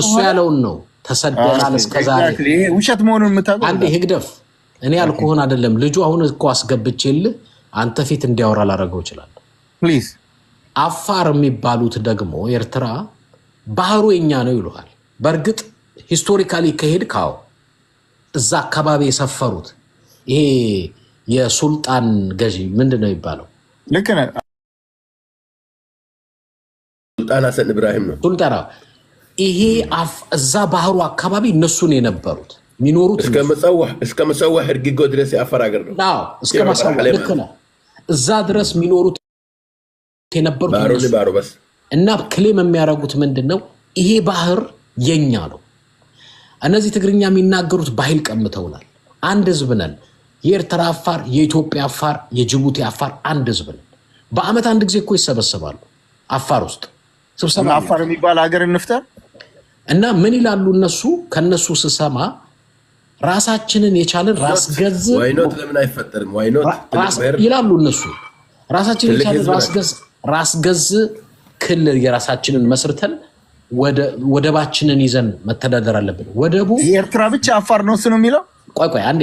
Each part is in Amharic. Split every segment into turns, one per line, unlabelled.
እሱ ያለውን ነው። ተሰደናል እስከዛሬ አንዴ ህግደፍ እኔ ያልኩህን አይደለም። ልጁ አሁን እኮ አስገብቼልህ አንተ ፊት እንዲያወራ ላደረገው ይችላል። አፋር የሚባሉት ደግሞ ኤርትራ ባህሩ የኛ ነው ይሉሃል። በእርግጥ ሂስቶሪካሊ ከሄድ ካው እዛ አካባቢ የሰፈሩት ይሄ የሱልጣን ገዢ ምንድን ነው የሚባለው? ልክ ሱልጣን ሀሰን ኢብራሂም ነው ሱልጣና። ይሄ እዛ ባህሩ አካባቢ እነሱን
የነበሩት የሚኖሩት እስከ መሰዋህ እርጊጎ ድረስ የአፈር ሀገር ነው። እስከ መሰዋህ ልክ
ነው። እዛ ድረስ የሚኖሩት የነበሩት እና ክሌም የሚያደርጉት ምንድን ነው? ይሄ ባህር የኛ ነው። እነዚህ ትግርኛ የሚናገሩት ባህል ቀምተውናል። አንድ ህዝብ ነን። የኤርትራ አፋር፣ የኢትዮጵያ አፋር፣ የጅቡቲ አፋር አንድ ህዝብ ነን። በአመት አንድ ጊዜ እኮ ይሰበሰባሉ አፋር ውስጥ ስብሰባ አፋር የሚባል ሀገር እንፍጠር እና ምን ይላሉ እነሱ? ከነሱ ስሰማ ራሳችንን የቻለን ራስ ገዝ ይላሉ እነሱ። ራሳችንን የቻለን ራስ ገዝ ክልል የራሳችንን መስርተን ወደባችንን ይዘን መተዳደር አለብን። ወደቡ የኤርትራ ብቻ አፋር ነው እሱ ነው የሚለው። ቆይ ቆይ አንዴ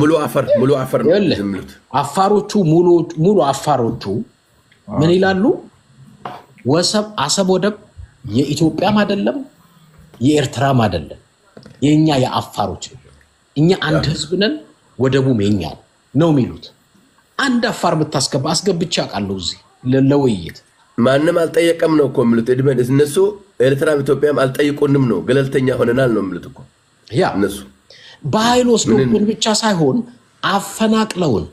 ሙሉ አፋር ሙሉ አፋር ነው አፋሮቹ ሙሉ አፋሮቹ ምን ይላሉ? ወሰብ አሰብ ወደብ የኢትዮጵያም አይደለም የኤርትራም አይደለም፣ የእኛ የአፋሮች ነው። እኛ አንድ ህዝብ ነን፣ ወደቡም የኛ ነው የሚሉት። አንድ አፋር ብታስገባ አስገብቼ አውቃለሁ እዚህ
ለውይይት ማንም አልጠየቀም ነው እኮ የሚሉት። እድመን እነሱ ኤርትራም ኢትዮጵያም አልጠይቁንም ነው፣ ገለልተኛ ሆነናል ነው የሚሉት እኮ ያ እነሱ በኃይል ወስዶብን ብቻ ሳይሆን አፈናቅለውን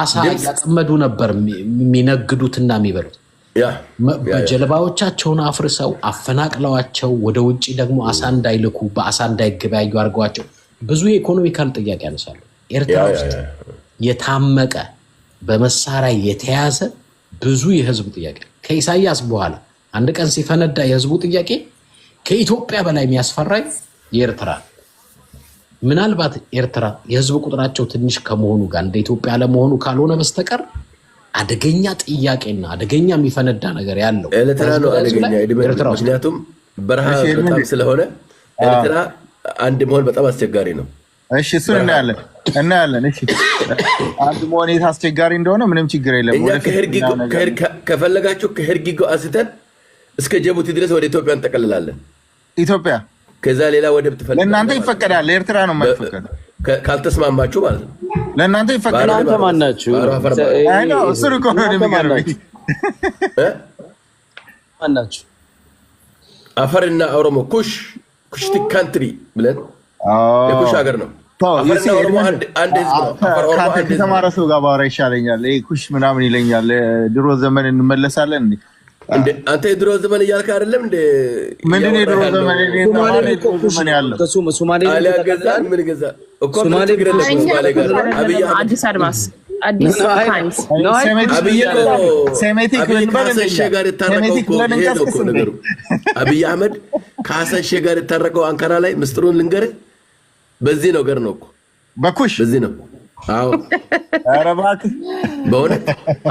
አሳ ያጠመዱ ነበር የሚነግዱትና የሚበሉት ጀልባዎቻቸውን አፍርሰው አፈናቅለዋቸው ወደ ውጭ ደግሞ አሳ እንዳይልኩ በአሳ እንዳይገበያዩ አድርገዋቸው ብዙ የኢኮኖሚካል ጥያቄ ያነሳሉ። ኤርትራ ውስጥ የታመቀ በመሳሪያ የተያዘ ብዙ የህዝብ ጥያቄ ከኢሳያስ በኋላ አንድ ቀን ሲፈነዳ የህዝቡ ጥያቄ ከኢትዮጵያ በላይ የሚያስፈራኝ የኤርትራ ምናልባት ኤርትራ የህዝብ ቁጥራቸው ትንሽ ከመሆኑ ጋር እንደ ኢትዮጵያ ለመሆኑ ካልሆነ በስተቀር አደገኛ ጥያቄና አደገኛ የሚፈነዳ ነገር ያለው ኤርትራ ነው። አደገኛ ኤርትራ፣ ምክንያቱም
በረሃ በጣም ስለሆነ ኤርትራ አንድ
መሆን በጣም አስቸጋሪ ነው። እሺ እሱን እናያለን እናያለን። እሺ አንድ መሆን የት አስቸጋሪ እንደሆነ ምንም ችግር የለም። ከፈለጋችሁ ከሄርጊጎ አስተን
እስከ ጀቡቲ ድረስ ወደ ኢትዮጵያ እንጠቀልላለን። ኢትዮጵያ ከዛ ሌላ ወደብ ትፈልጋለህ? ለእናንተ
ይፈቀዳል፣ ለኤርትራ ነው የማይፈቀድ ካልተስማማችሁ ማለት ነው። ለእናንተ ይፈቀዳል። እናንተ ማናችሁ? እሱ እኮ ነው የሚገርመኝ።
ማናችሁ? አፈርና ኦሮሞ ኩሽ ኩሽቲ ካንትሪ ብለን
የኩሽ ሀገር ነው። ከተማረ ሰው ጋር ባወራ ይሻለኛል። ኩሽ ምናምን ይለኛል። ድሮ ዘመን እንመለሳለን። አንተ
የድሮ ዘመን እያልክ አይደለም እንደ ምንድን የድሮ ዘመን ያለው
ሶማሌ ገዛን ምን ገዛን አዲስ አብይ
አህመድ ከሀሰን ሼህ ጋር የታረቀው አንካራ ላይ ምስጢሩን ልንገርህ።
በዚህ ነገር ነው እኮ በኩሽ በዚህ ነው በእውነት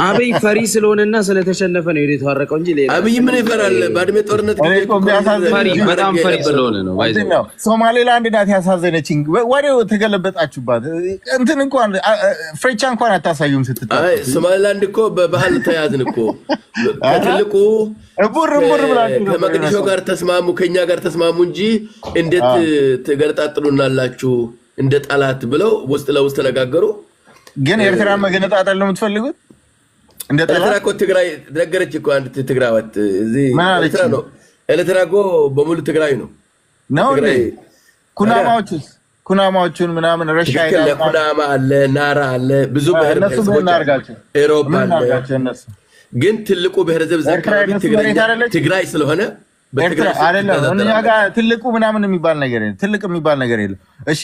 አብይ ፈሪ ስለሆነና ስለተሸነፈ ነው የተዋረቀው እንጂ ሌላ አብይ ምን
ይፈራል? በአድሜ
ጦርነት በጣም ፈሪ ስለሆነ ነው። ሶማሌላንድ ናት ያሳዘነችኝ። ወዲያው ተገለበጣችሁባት። እንትን እንኳን ፍሬቻ እንኳን አታሳዩም ስትል
ሶማሌላንድ እኮ በባህል ተያዝን እኮ
ከትልቁ ቡር ቡር ብላችሁ ከመቅዲሾ ጋር
ተስማሙ፣ ከእኛ ጋር ተስማሙ እንጂ እንዴት ትገለጣጥሉናላችሁ? እንደ ጠላት ብለው ውስጥ ለውስጥ ተነጋገሩ። ግን ኤርትራ መገነጣጠል ነው የምትፈልጉት? ኤርትራ እኮ ትግራይ ነገረች እኮ አንድ ትግራዋት
ኤርትራ ነው። ኤርትራ እኮ በሙሉ ትግራይ ነው ነው ኩናማዎቹስ ኩናማዎቹን ምናምን ረሻ ኩናማ አለ፣ ናራ አለ፣ ብዙ ብሔር ኤሮፓ
ግን ትልቁ ብሔረሰብ ትግራይ ስለሆነ
ትልቁ ምናምን የሚባል ነገር የለም። ትልቅ የሚባል ነገር የለም። እሺ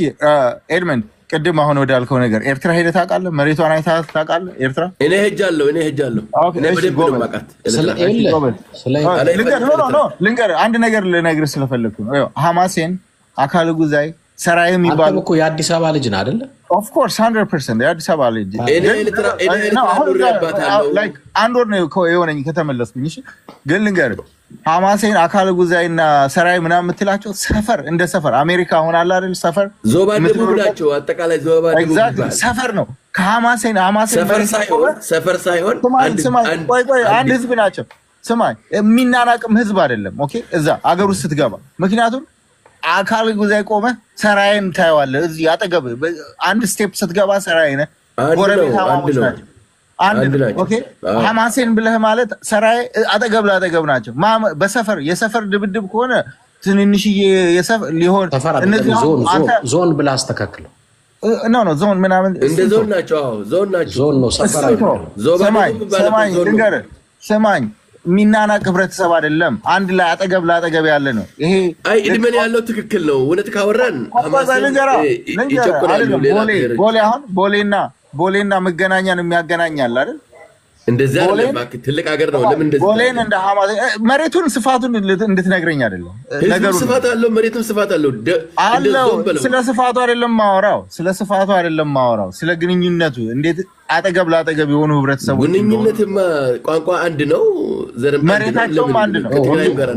ኤድመንድ፣ ቅድም አሁን ወዳልከው ነገር ኤርትራ ሄደህ ታውቃለህ? መሬቷን አይተህ ታውቃለህ? ኤርትራ እኔ ሄጃለሁ፣ እኔ ሄጃለሁ። ልንገርህ፣ አንድ ነገር ልነግርህ ስለፈለግኩ ነው። ሀማሴን አካል ጉዛይ ሰራይ የሚባሉ እኮ የአዲስ አበባ ልጅ ነው አይደለ? ኦፍኮርስ ሀንድረድ ፐርሰንት የአዲስ አበባ ልጅ። አንድ ወር ነው የሆነኝ ከተመለስኩኝ። ግን ልንገርህ ሐማሴን አካል ጉዛይና ሰራይ ምናምን የምትላቸው ሰፈር እንደ ሰፈር አሜሪካ አሁን አለ አይደል ሰፈር ዞባ ደቡብ ናቸው።
አጠቃላይ ዞባ ደቡብ ሰፈር
ነው። ከሐማሴን
ሰፈር ሳይሆን
አንድ ህዝብ ናቸው። ስማኝ የሚናናቅም ህዝብ አይደለም። ኦኬ እዛ አገር ውስጥ ስትገባ ምክንያቱም አካል ጉዛይ ቆመ ሰራይን ታየዋለህ። እዚህ አጠገብ አንድ ስቴፕ ስትገባ ሰራይ ነህ። ጎረቤት ሐማሞች ናቸው። አንድ ሐማሴን ብለህ ማለት ሰራይ አጠገብ ለአጠገብ ናቸው። በሰፈር የሰፈር ድብድብ ከሆነ ትንንሽዬ የሰፈር ሊሆን ዞን ብለህ አስተካክለው። ኖ ኖ ዞን ምናምን እንደ ዞን ናቸው። ዞን ናቸው። ዞን ነው። ሰማኝ፣ የሚናናቅ ህብረተሰብ አይደለም። አንድ ላይ አጠገብ ለአጠገብ ያለ ነው። ይሄ አይ እድሜን ያለው ትክክል ነው። እውነት ካወራን ቦሌ አሁን ቦሌና ቦሌና መገናኛን የሚያገናኛል አይደል? እንደዚያ አይደለም። ትልቅ ሀገር ነው። ለምን እንደዚህ ቦሌን እንደ ሀማ መሬቱን ስፋቱን እንድትነግረኝ አይደለም። ነገሩ ስፋት አለው፣ መሬቱም ስፋት አለው አለው። ስለ ስፋቱ አይደለም ማወራው፣ ስለ ስፋቱ አይደለም ማወራው፣ ስለ ግንኙነቱ እንዴት አጠገብ ለአጠገብ የሆኑ ህብረተሰቡ ግንኙነትማ
ቋንቋ አንድ ነው፣
ዘርም መሬታቸውም አንድ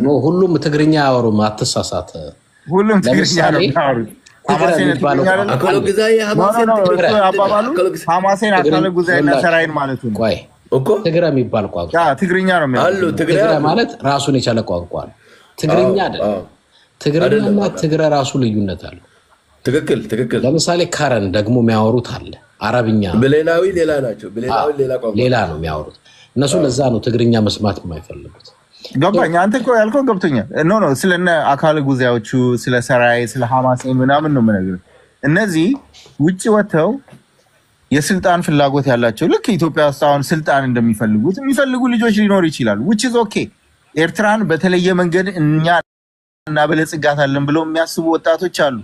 ነው። ሁሉም ትግርኛ አያወሩም፣ አትሳሳት።
ሁሉም ትግርኛ ነው ያወሩት
ትግረ የሚባል ትግርኛ ማለት
ራሱን የቻለ ቋንቋ ነው። ትግርኛ አይደለም። ትግርኛና ትግረ ራሱ ልዩነት አለው። ትክክል ትክክል። ለምሳሌ ከረን ደግሞ የሚያወሩት አለ አረብኛ፣ ሌላ ነው የሚያወሩት እነሱ። ለዛ ነው ትግርኛ መስማት የማይፈልጉት።
ገባኝ። አንተ እኮ ያልከው ገብቶኛል። ኖ ኖ ስለነ አካል ጉዛዮቹ ስለ ሰራይ ስለ ሀማስ ምናምን ነው የምነግርህ። እነዚህ ውጭ ወጥተው የስልጣን ፍላጎት ያላቸው ልክ ኢትዮጵያ ውስጥ አሁን ስልጣን እንደሚፈልጉት የሚፈልጉ ልጆች ሊኖሩ ይችላሉ። ውጭ ኦኬ። ኤርትራን በተለየ መንገድ እኛ እናበለጽጋታለን ብለው የሚያስቡ ወጣቶች አሉ።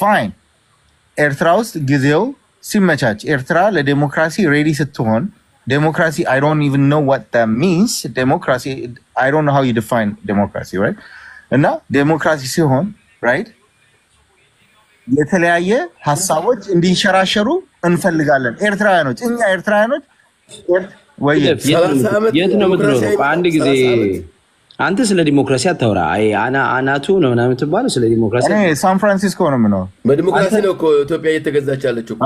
ፋይን። ኤርትራ ውስጥ ጊዜው ሲመቻች ኤርትራ ለዴሞክራሲ ሬዲ ስትሆን democracy i don't even know what that means democracy i don't know how you define democracy right እና ዴሞክራሲ ሲሆን ራይት የተለያየ ሀሳቦች እንዲንሸራሸሩ እንፈልጋለን ኤርትራውያኖች እኛ ኤርትራውያኖች የት ነው የምትኖረው በአንድ ጊዜ
አንተ ስለ ዲሞክራሲ አታውራ። አናቱ ነው ምናምን ትባለው ስለ ዲሞክራሲ።
ሳን ፍራንሲስኮ ነው
የምኖረው። በዲሞክራሲ ነው
ኢትዮጵያ እየተገዛች ያለችው።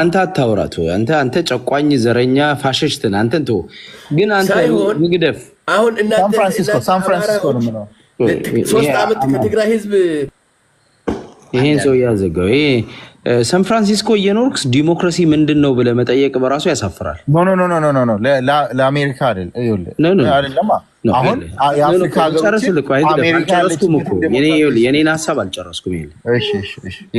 አንተ አታውራቱ አንተ አንተ ጨቋኝ፣ ዘረኛ፣ ፋሽሽትን አንተን ተወው። ግን አንተ ንግደፍ። አሁን
ሳን ፍራንሲስኮ ሳን ፍራንሲስኮ ነው የምለው።
ሶስት ዓመት ከትግራይ ህዝብ ይህን ሰው እያዘጋው ሳን ፍራንሲስኮ እየኖርክስ ዲሞክራሲ ምንድን ነው ብለህ መጠየቅ በራሱ ያሳፍራል።
ለአሜሪካ አይደለም። የአፍሪካ
የኔን ሀሳብ አልጨረስኩም።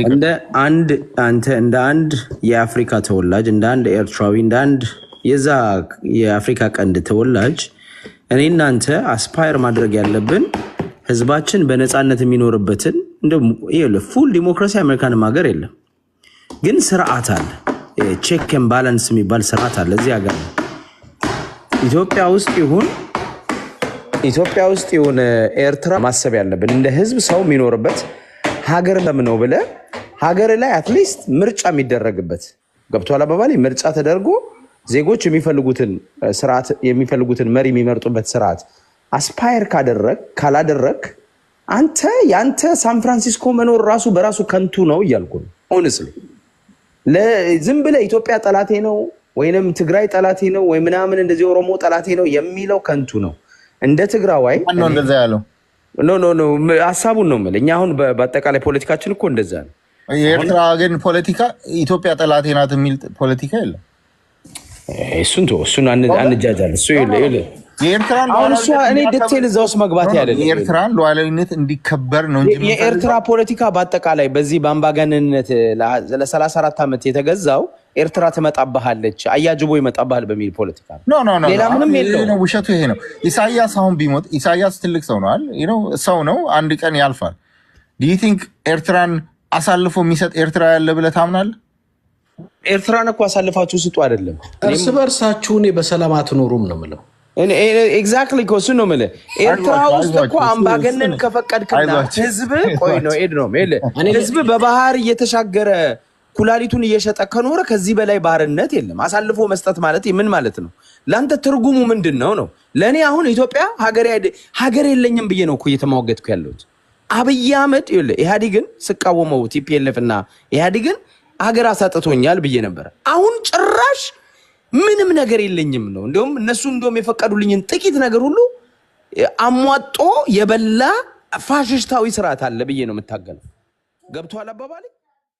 እንደ አንድ አንተ እንደ አንድ የአፍሪካ ተወላጅ እንደ አንድ ኤርትራዊ እንደ አንድ የዛ የአፍሪካ ቀንድ ተወላጅ እኔ እናንተ አስፓየር ማድረግ ያለብን ህዝባችን በነፃነት የሚኖርበትን ፉል ዲሞክራሲ አሜሪካንም ሀገር የለም ግን ስርዓት አለ። ቼክን ባላንስ የሚባል ስርዓት አለ እዚህ ሀገር ኢትዮጵያ ውስጥ ይሁን ኢትዮጵያ ውስጥ ይሁን ኤርትራ ማሰብ ያለብን እንደ ህዝብ ሰው የሚኖርበት ሀገር ለም ነው ብለ ሀገር ላይ አትሊስት ምርጫ የሚደረግበት ገብቷል አባባል ምርጫ ተደርጎ ዜጎች የሚፈልጉትን ስርዓት የሚፈልጉትን መሪ የሚመርጡበት ስርዓት አስፓየር ካደረግ ካላደረግ አንተ የአንተ ሳን ፍራንሲስኮ መኖር ራሱ በራሱ ከንቱ ነው እያልኩ ነው ሆንስሊ ዝም ብለ ኢትዮጵያ ጠላቴ ነው ወይንም ትግራይ ጠላቴ ነው ወይ ምናምን እንደዚህ ኦሮሞ ጠላቴ ነው የሚለው ከንቱ ነው። እንደ ትግራዋይ እንደዛ ያለው ኖ ኖ ኖ ሀሳቡን ነው የምልህ። እኛ አሁን በአጠቃላይ ፖለቲካችን እኮ እንደዛ ነው።
የኤርትራ ግን ፖለቲካ ኢትዮጵያ ጠላቴ ናት የሚል ፖለቲካ የለም። እሱን እሱን አንጃጃል እሱ የኤርትራን አሁን እኔ ዲቴል እዛ ውስጥ መግባት ያለ የኤርትራን ሉዓላዊነት እንዲከበር ነው እንጂ የኤርትራ
ፖለቲካ በአጠቃላይ በዚህ በአምባገነንነት ለ34 ዓመት የተገዛው ኤርትራ ትመጣባሃለች አያጅቦ ይመጣባሃል በሚል ፖለቲካ ነው። ሌላ ምንም የለው።
ውሸቱ ይሄ ነው። ኢሳያስ አሁን ቢሞት ኢሳያስ ትልቅ ሰው ነዋል፣ ሰው ነው። አንድ ቀን ያልፋል። ዲዩ ቲንክ ኤርትራን አሳልፎ የሚሰጥ ኤርትራ ያለ ብለህ ታምናለህ? ኤርትራን እኮ አሳልፋችሁ ስጡ አይደለም፣ እርስ
በእርሳችሁ እኔ
በሰላም አትኖሩም ነው የምለው
ኤግዛክትሊ ከሱ ነው የምልህ። ኤርትራ ውስጥ እኮ አምባገነን ከፈቀድክና ህዝብ ቆይ ነው ኤድ ነው ህዝብ በባህር እየተሻገረ ኩላሊቱን እየሸጠ ከኖረ ከዚህ በላይ ባርነት የለም። አሳልፎ መስጠት ማለት ምን ማለት ነው? ለአንተ ትርጉሙ ምንድን ነው? ነው ለእኔ አሁን ኢትዮጵያ ሀገር የለኝም ብዬ ነው እኮ እየተሟገጥኩ ያለሁት። አብይ አህመድ ኢህአዲግን ስቃወመው ቲፒኤልኤፍ እና ኢህአዲግን ሀገር አሳጥቶኛል ብዬ ነበረ። አሁን ጭራሽ ምንም ነገር የለኝም ነው። እንዲሁም እነሱ እንዲሁም የፈቀዱልኝን ጥቂት ነገር ሁሉ አሟጦ የበላ ፋሽስታዊ ስርዓት አለ ብዬ ነው የምታገለው። ገብቶሃል አባባሌ?